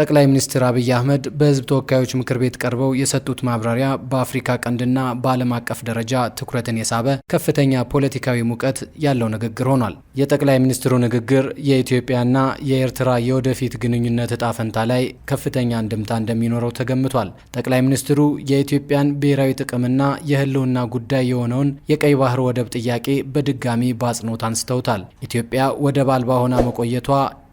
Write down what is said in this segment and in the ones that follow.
ጠቅላይ ሚኒስትር አብይ አህመድ በህዝብ ተወካዮች ምክር ቤት ቀርበው የሰጡት ማብራሪያ በአፍሪካ ቀንድና በዓለም አቀፍ ደረጃ ትኩረትን የሳበ ከፍተኛ ፖለቲካዊ ሙቀት ያለው ንግግር ሆኗል። የጠቅላይ ሚኒስትሩ ንግግር የኢትዮጵያና የኤርትራ የወደፊት ግንኙነት እጣ ፈንታ ላይ ከፍተኛ አንድምታ እንደሚኖረው ተገምቷል። ጠቅላይ ሚኒስትሩ የኢትዮጵያን ብሔራዊ ጥቅምና የህልውና ጉዳይ የሆነውን የቀይ ባህር ወደብ ጥያቄ በድጋሚ በአጽንኦት አንስተውታል። ኢትዮጵያ ወደብ አልባ ሆና መቆየቷ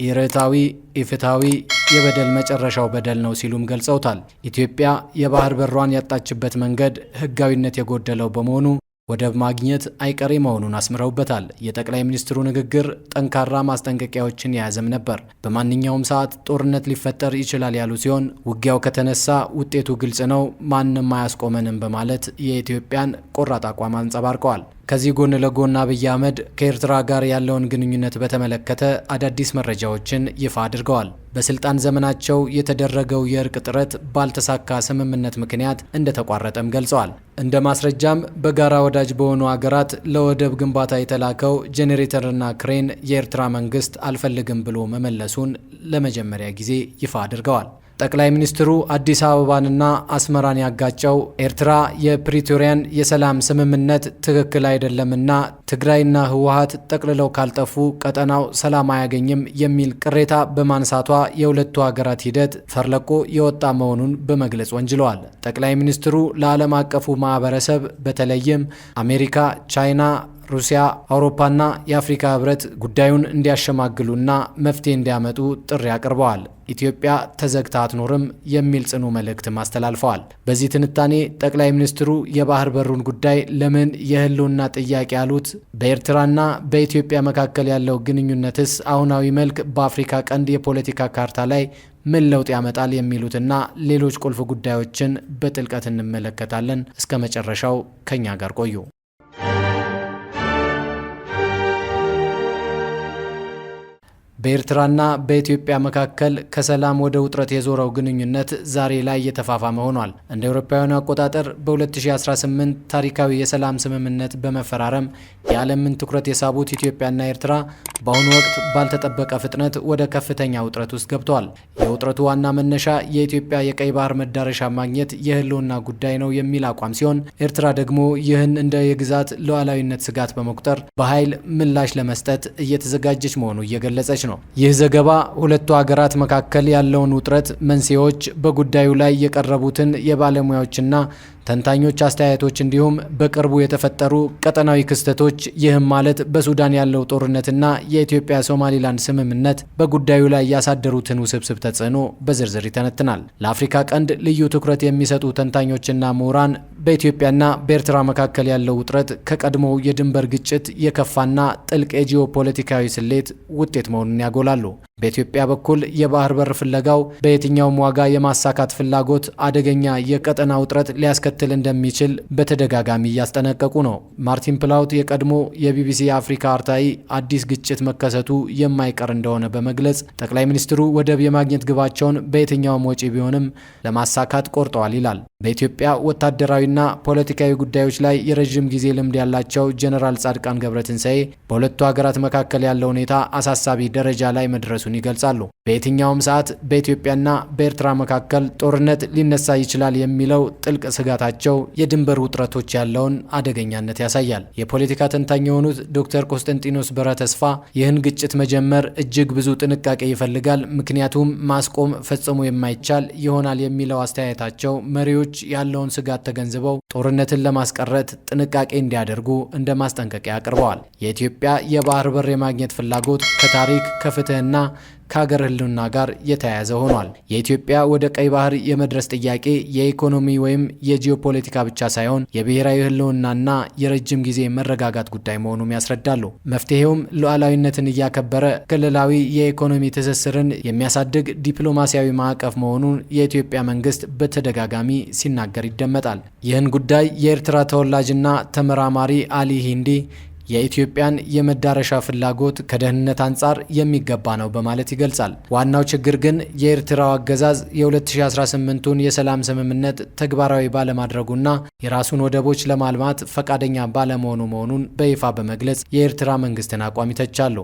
ኢርዕታዊ ኢፍትሐዊ የበደል መጨረሻው በደል ነው ሲሉም ገልጸውታል። ኢትዮጵያ የባህር በሯን ያጣችበት መንገድ ሕጋዊነት የጎደለው በመሆኑ ወደብ ማግኘት አይቀሬ መሆኑን አስምረውበታል። የጠቅላይ ሚኒስትሩ ንግግር ጠንካራ ማስጠንቀቂያዎችን የያዘም ነበር። በማንኛውም ሰዓት ጦርነት ሊፈጠር ይችላል ያሉ ሲሆን ውጊያው ከተነሳ ውጤቱ ግልጽ ነው፣ ማንም አያስቆመንም በማለት የኢትዮጵያን ቆራጥ አቋም አንጸባርቀዋል። ከዚህ ጎን ለጎን አብይ አህመድ ከኤርትራ ጋር ያለውን ግንኙነት በተመለከተ አዳዲስ መረጃዎችን ይፋ አድርገዋል። በስልጣን ዘመናቸው የተደረገው የእርቅ ጥረት ባልተሳካ ስምምነት ምክንያት እንደተቋረጠም ገልጸዋል። እንደ ማስረጃም በጋራ ወዳጅ በሆኑ አገራት ለወደብ ግንባታ የተላከው ጄኔሬተርና ክሬን የኤርትራ መንግስት አልፈልግም ብሎ መመለሱን ለመጀመሪያ ጊዜ ይፋ አድርገዋል። ጠቅላይ ሚኒስትሩ አዲስ አበባንና አስመራን ያጋጨው ኤርትራ የፕሪቶሪያን የሰላም ስምምነት ትክክል አይደለምና ትግራይና ህወሀት ጠቅልለው ካልጠፉ ቀጠናው ሰላም አያገኝም የሚል ቅሬታ በማንሳቷ የሁለቱ ሀገራት ሂደት ፈርለቆ የወጣ መሆኑን በመግለጽ ወንጅለዋል። ጠቅላይ ሚኒስትሩ ለዓለም አቀፉ ማህበረሰብ በተለይም አሜሪካ፣ ቻይና ሩሲያ፣ አውሮፓና የአፍሪካ ህብረት ጉዳዩን እንዲያሸማግሉና መፍትሄ እንዲያመጡ ጥሪ አቅርበዋል። ኢትዮጵያ ተዘግታ አትኖርም የሚል ጽኑ መልእክትም አስተላልፈዋል። በዚህ ትንታኔ ጠቅላይ ሚኒስትሩ የባህር በሩን ጉዳይ ለምን የህልውና ጥያቄ ያሉት፣ በኤርትራና በኢትዮጵያ መካከል ያለው ግንኙነትስ አሁናዊ መልክ በአፍሪካ ቀንድ የፖለቲካ ካርታ ላይ ምን ለውጥ ያመጣል የሚሉትና ሌሎች ቁልፍ ጉዳዮችን በጥልቀት እንመለከታለን። እስከ መጨረሻው ከኛ ጋር ቆዩ። በኤርትራና በኢትዮጵያ መካከል ከሰላም ወደ ውጥረት የዞረው ግንኙነት ዛሬ ላይ እየተፋፋመ ሆኗል። እንደ አውሮፓውያኑ አቆጣጠር በ2018 ታሪካዊ የሰላም ስምምነት በመፈራረም የዓለምን ትኩረት የሳቡት ኢትዮጵያና ኤርትራ በአሁኑ ወቅት ባልተጠበቀ ፍጥነት ወደ ከፍተኛ ውጥረት ውስጥ ገብቷል። የውጥረቱ ዋና መነሻ የኢትዮጵያ የቀይ ባህር መዳረሻ ማግኘት የህልውና ጉዳይ ነው የሚል አቋም ሲሆን፣ ኤርትራ ደግሞ ይህን እንደ የግዛት ሉዓላዊነት ስጋት በመቁጠር በኃይል ምላሽ ለመስጠት እየተዘጋጀች መሆኑ እየገለጸች ነው። ይህ ዘገባ ሁለቱ ሀገራት መካከል ያለውን ውጥረት መንስኤዎች፣ በጉዳዩ ላይ የቀረቡትን የባለሙያዎችና ተንታኞች አስተያየቶች እንዲሁም በቅርቡ የተፈጠሩ ቀጠናዊ ክስተቶች ይህም ማለት በሱዳን ያለው ጦርነትና የኢትዮጵያ ሶማሊላንድ ስምምነት በጉዳዩ ላይ ያሳደሩትን ውስብስብ ተጽዕኖ በዝርዝር ይተነትናል። ለአፍሪካ ቀንድ ልዩ ትኩረት የሚሰጡ ተንታኞችና ምሁራን በኢትዮጵያና በኤርትራ መካከል ያለው ውጥረት ከቀድሞው የድንበር ግጭት የከፋና ጥልቅ የጂኦፖለቲካዊ ስሌት ውጤት መሆኑን ያጎላሉ። በኢትዮጵያ በኩል የባህር በር ፍለጋው በየትኛውም ዋጋ የማሳካት ፍላጎት አደገኛ የቀጠና ውጥረት ሊያስከትል እንደሚችል በተደጋጋሚ እያስጠነቀቁ ነው። ማርቲን ፕላውት የቀድሞ የቢቢሲ አፍሪካ አርታኢ አዲስ ግጭት መከሰቱ የማይቀር እንደሆነ በመግለጽ ጠቅላይ ሚኒስትሩ ወደብ የማግኘት ግባቸውን በየትኛውም ወጪ ቢሆንም ለማሳካት ቆርጠዋል ይላል። በኢትዮጵያ ወታደራዊና ፖለቲካዊ ጉዳዮች ላይ የረዥም ጊዜ ልምድ ያላቸው ጀኔራል ጻድቃን ገብረትንሳኤ በሁለቱ ሀገራት መካከል ያለው ሁኔታ አሳሳቢ ደረጃ ላይ መድረሱ መነሳቱን ይገልጻሉ። በየትኛውም ሰዓት በኢትዮጵያና በኤርትራ መካከል ጦርነት ሊነሳ ይችላል የሚለው ጥልቅ ስጋታቸው የድንበር ውጥረቶች ያለውን አደገኛነት ያሳያል። የፖለቲካ ተንታኝ የሆኑት ዶክተር ቆስጠንጢኖስ በረ ተስፋ ይህን ግጭት መጀመር እጅግ ብዙ ጥንቃቄ ይፈልጋል፣ ምክንያቱም ማስቆም ፈጽሞ የማይቻል ይሆናል የሚለው አስተያየታቸው መሪዎች ያለውን ስጋት ተገንዝበው ጦርነትን ለማስቀረት ጥንቃቄ እንዲያደርጉ እንደ ማስጠንቀቂያ አቅርበዋል። የኢትዮጵያ የባህር በር የማግኘት ፍላጎት ከታሪክ ከፍትህና ከሀገር ህልውና ጋር የተያያዘ ሆኗል። የኢትዮጵያ ወደ ቀይ ባህር የመድረስ ጥያቄ የኢኮኖሚ ወይም የጂኦፖለቲካ ብቻ ሳይሆን የብሔራዊ ህልውናና የረጅም ጊዜ መረጋጋት ጉዳይ መሆኑም ያስረዳሉ። መፍትሄውም ሉዓላዊነትን እያከበረ ክልላዊ የኢኮኖሚ ትስስርን የሚያሳድግ ዲፕሎማሲያዊ ማዕቀፍ መሆኑን የኢትዮጵያ መንግስት በተደጋጋሚ ሲናገር ይደመጣል። ይህን ጉዳይ የኤርትራ ተወላጅና ተመራማሪ አሊ ሂንዲ የኢትዮጵያን የመዳረሻ ፍላጎት ከደህንነት አንጻር የሚገባ ነው በማለት ይገልጻል። ዋናው ችግር ግን የኤርትራው አገዛዝ የ2018ቱን የሰላም ስምምነት ተግባራዊ ባለማድረጉና የራሱን ወደቦች ለማልማት ፈቃደኛ ባለመሆኑ መሆኑን በይፋ በመግለጽ የኤርትራ መንግስትን አቋም ይተቻሉ።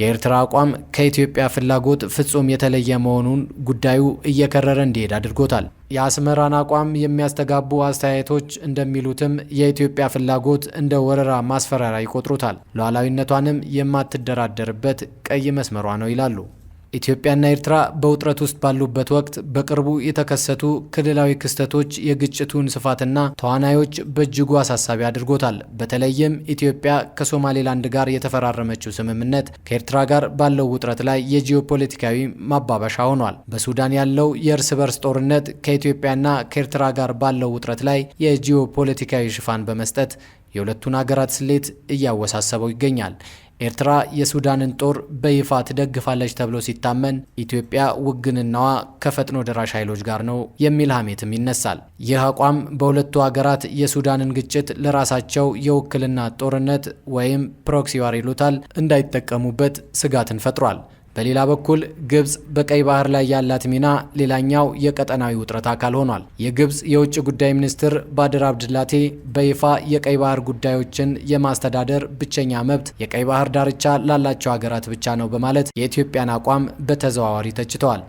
የኤርትራ አቋም ከኢትዮጵያ ፍላጎት ፍጹም የተለየ መሆኑን ጉዳዩ እየከረረ እንዲሄድ አድርጎታል። የአስመራን አቋም የሚያስተጋቡ አስተያየቶች እንደሚሉትም የኢትዮጵያ ፍላጎት እንደ ወረራ ማስፈራሪያ ይቆጥሩታል። ሉዓላዊነቷንም የማትደራደርበት ቀይ መስመሯ ነው ይላሉ። ኢትዮጵያና ኤርትራ በውጥረት ውስጥ ባሉበት ወቅት በቅርቡ የተከሰቱ ክልላዊ ክስተቶች የግጭቱን ስፋትና ተዋናዮች በእጅጉ አሳሳቢ አድርጎታል። በተለይም ኢትዮጵያ ከሶማሌላንድ ጋር የተፈራረመችው ስምምነት ከኤርትራ ጋር ባለው ውጥረት ላይ የጂኦፖለቲካዊ ማባበሻ ሆኗል። በሱዳን ያለው የእርስ በርስ ጦርነት ከኢትዮጵያና ከኤርትራ ጋር ባለው ውጥረት ላይ የጂኦፖለቲካዊ ሽፋን በመስጠት የሁለቱን ሀገራት ስሌት እያወሳሰበው ይገኛል። ኤርትራ የሱዳንን ጦር በይፋ ትደግፋለች ተብሎ ሲታመን ኢትዮጵያ ውግንናዋ ከፈጥኖ ደራሽ ኃይሎች ጋር ነው የሚል ሐሜትም ይነሳል። ይህ አቋም በሁለቱ ሀገራት የሱዳንን ግጭት ለራሳቸው የውክልና ጦርነት ወይም ፕሮክሲዋር ይሉታል እንዳይጠቀሙበት ስጋትን ፈጥሯል። በሌላ በኩል ግብጽ በቀይ ባህር ላይ ያላት ሚና ሌላኛው የቀጠናዊ ውጥረት አካል ሆኗል። የግብጽ የውጭ ጉዳይ ሚኒስትር ባድር አብድላቴ በይፋ የቀይ ባህር ጉዳዮችን የማስተዳደር ብቸኛ መብት የቀይ ባህር ዳርቻ ላላቸው ሀገራት ብቻ ነው በማለት የኢትዮጵያን አቋም በተዘዋዋሪ ተችተዋል።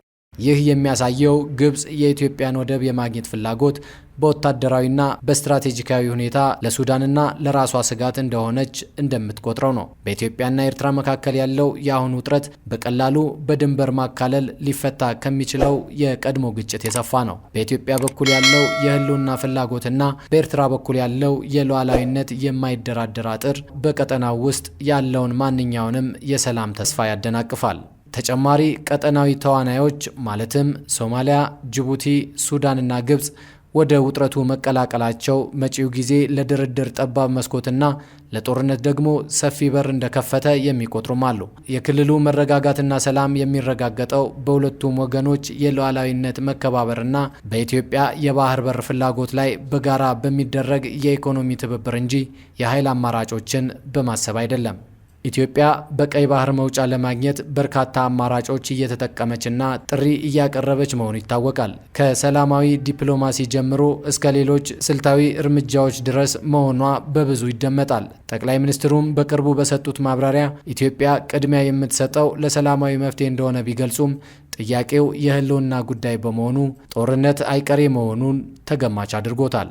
ይህ የሚያሳየው ግብጽ የኢትዮጵያን ወደብ የማግኘት ፍላጎት በወታደራዊና በስትራቴጂካዊ ሁኔታ ለሱዳንና ለራሷ ስጋት እንደሆነች እንደምትቆጥረው ነው። በኢትዮጵያና ኤርትራ መካከል ያለው የአሁኑ ውጥረት በቀላሉ በድንበር ማካለል ሊፈታ ከሚችለው የቀድሞ ግጭት የሰፋ ነው። በኢትዮጵያ በኩል ያለው የህልውና ፍላጎትና በኤርትራ በኩል ያለው የሉዓላዊነት የማይደራደር አጥር በቀጠናው ውስጥ ያለውን ማንኛውንም የሰላም ተስፋ ያደናቅፋል። ተጨማሪ ቀጠናዊ ተዋናዮች ማለትም ሶማሊያ፣ ጅቡቲ፣ ሱዳንና ግብጽ ወደ ውጥረቱ መቀላቀላቸው መጪው ጊዜ ለድርድር ጠባብ መስኮትና ለጦርነት ደግሞ ሰፊ በር እንደከፈተ የሚቆጥሩም አሉ። የክልሉ መረጋጋትና ሰላም የሚረጋገጠው በሁለቱም ወገኖች የሉዓላዊነት መከባበርና በኢትዮጵያ የባህር በር ፍላጎት ላይ በጋራ በሚደረግ የኢኮኖሚ ትብብር እንጂ የኃይል አማራጮችን በማሰብ አይደለም። ኢትዮጵያ በቀይ ባህር መውጫ ለማግኘት በርካታ አማራጮች እየተጠቀመችና ጥሪ እያቀረበች መሆኑ ይታወቃል። ከሰላማዊ ዲፕሎማሲ ጀምሮ እስከ ሌሎች ስልታዊ እርምጃዎች ድረስ መሆኗ በብዙ ይደመጣል። ጠቅላይ ሚኒስትሩም በቅርቡ በሰጡት ማብራሪያ ኢትዮጵያ ቅድሚያ የምትሰጠው ለሰላማዊ መፍትሄ እንደሆነ ቢገልጹም ጥያቄው የህልውና ጉዳይ በመሆኑ ጦርነት አይቀሬ መሆኑን ተገማች አድርጎታል።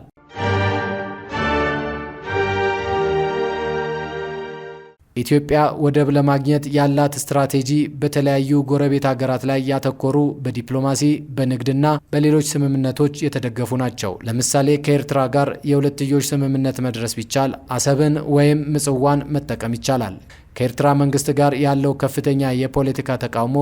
ኢትዮጵያ ወደብ ለማግኘት ያላት ስትራቴጂ በተለያዩ ጎረቤት ሀገራት ላይ ያተኮሩ በዲፕሎማሲ በንግድና በሌሎች ስምምነቶች የተደገፉ ናቸው። ለምሳሌ ከኤርትራ ጋር የሁለትዮሽ ስምምነት መድረስ ቢቻል አሰብን ወይም ምጽዋን መጠቀም ይቻላል። ከኤርትራ መንግስት ጋር ያለው ከፍተኛ የፖለቲካ ተቃውሞ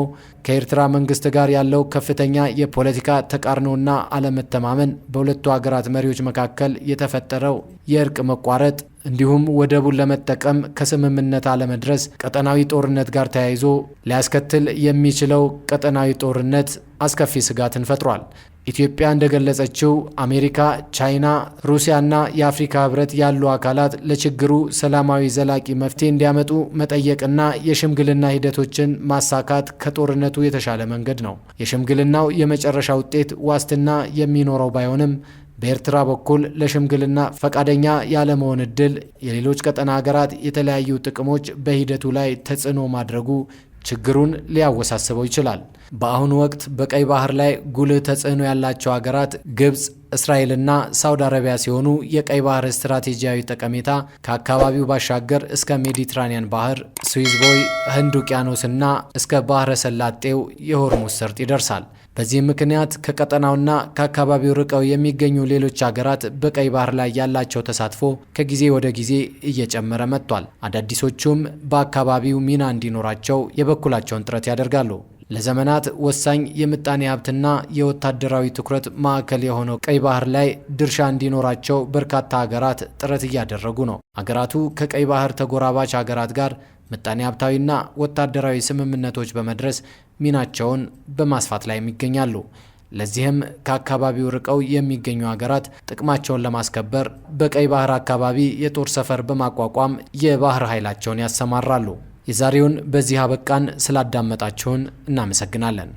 ከኤርትራ መንግስት ጋር ያለው ከፍተኛ የፖለቲካ ተቃርኖና አለመተማመን በሁለቱ ሀገራት መሪዎች መካከል የተፈጠረው የእርቅ መቋረጥ እንዲሁም ወደቡን ለመጠቀም ከስምምነት አለመድረስ ቀጠናዊ ጦርነት ጋር ተያይዞ ሊያስከትል የሚችለው ቀጠናዊ ጦርነት አስከፊ ስጋትን ፈጥሯል። ኢትዮጵያ እንደገለጸችው አሜሪካ፣ ቻይና፣ ሩሲያና የአፍሪካ ህብረት ያሉ አካላት ለችግሩ ሰላማዊ ዘላቂ መፍትሄ እንዲያመጡ መጠየቅና የሽምግልና ሂደቶችን ማሳካት ከጦርነቱ የተሻለ መንገድ ነው። የሽምግልናው የመጨረሻ ውጤት ዋስትና የሚኖረው ባይሆንም በኤርትራ በኩል ለሽምግልና ፈቃደኛ ያለመሆን እድል የሌሎች ቀጠና ሀገራት የተለያዩ ጥቅሞች በሂደቱ ላይ ተጽዕኖ ማድረጉ ችግሩን ሊያወሳስበው ይችላል። በአሁኑ ወቅት በቀይ ባህር ላይ ጉልህ ተጽዕኖ ያላቸው ሀገራት ግብፅ፣ እስራኤልና ሳውዲ አረቢያ ሲሆኑ የቀይ ባህር ስትራቴጂያዊ ጠቀሜታ ከአካባቢው ባሻገር እስከ ሜዲትራኒያን ባህር፣ ስዊዝ ቦይ፣ ህንድ ውቅያኖስና እስከ ባህረ ሰላጤው የሆርሙስ ሰርጥ ይደርሳል። በዚህ ምክንያት ከቀጠናውና ከአካባቢው ርቀው የሚገኙ ሌሎች ሀገራት በቀይ ባህር ላይ ያላቸው ተሳትፎ ከጊዜ ወደ ጊዜ እየጨመረ መጥቷል። አዳዲሶቹም በአካባቢው ሚና እንዲኖራቸው የበኩላቸውን ጥረት ያደርጋሉ። ለዘመናት ወሳኝ የምጣኔ ሀብትና የወታደራዊ ትኩረት ማዕከል የሆነው ቀይ ባህር ላይ ድርሻ እንዲኖራቸው በርካታ ሀገራት ጥረት እያደረጉ ነው። ሀገራቱ ከቀይ ባህር ተጎራባች ሀገራት ጋር ምጣኔ ሀብታዊና ወታደራዊ ስምምነቶች በመድረስ ሚናቸውን በማስፋት ላይ ይገኛሉ። ለዚህም ከአካባቢው ርቀው የሚገኙ ሀገራት ጥቅማቸውን ለማስከበር በቀይ ባህር አካባቢ የጦር ሰፈር በማቋቋም የባህር ኃይላቸውን ያሰማራሉ። የዛሬውን በዚህ አበቃን። ስላዳመጣችሁን እናመሰግናለን።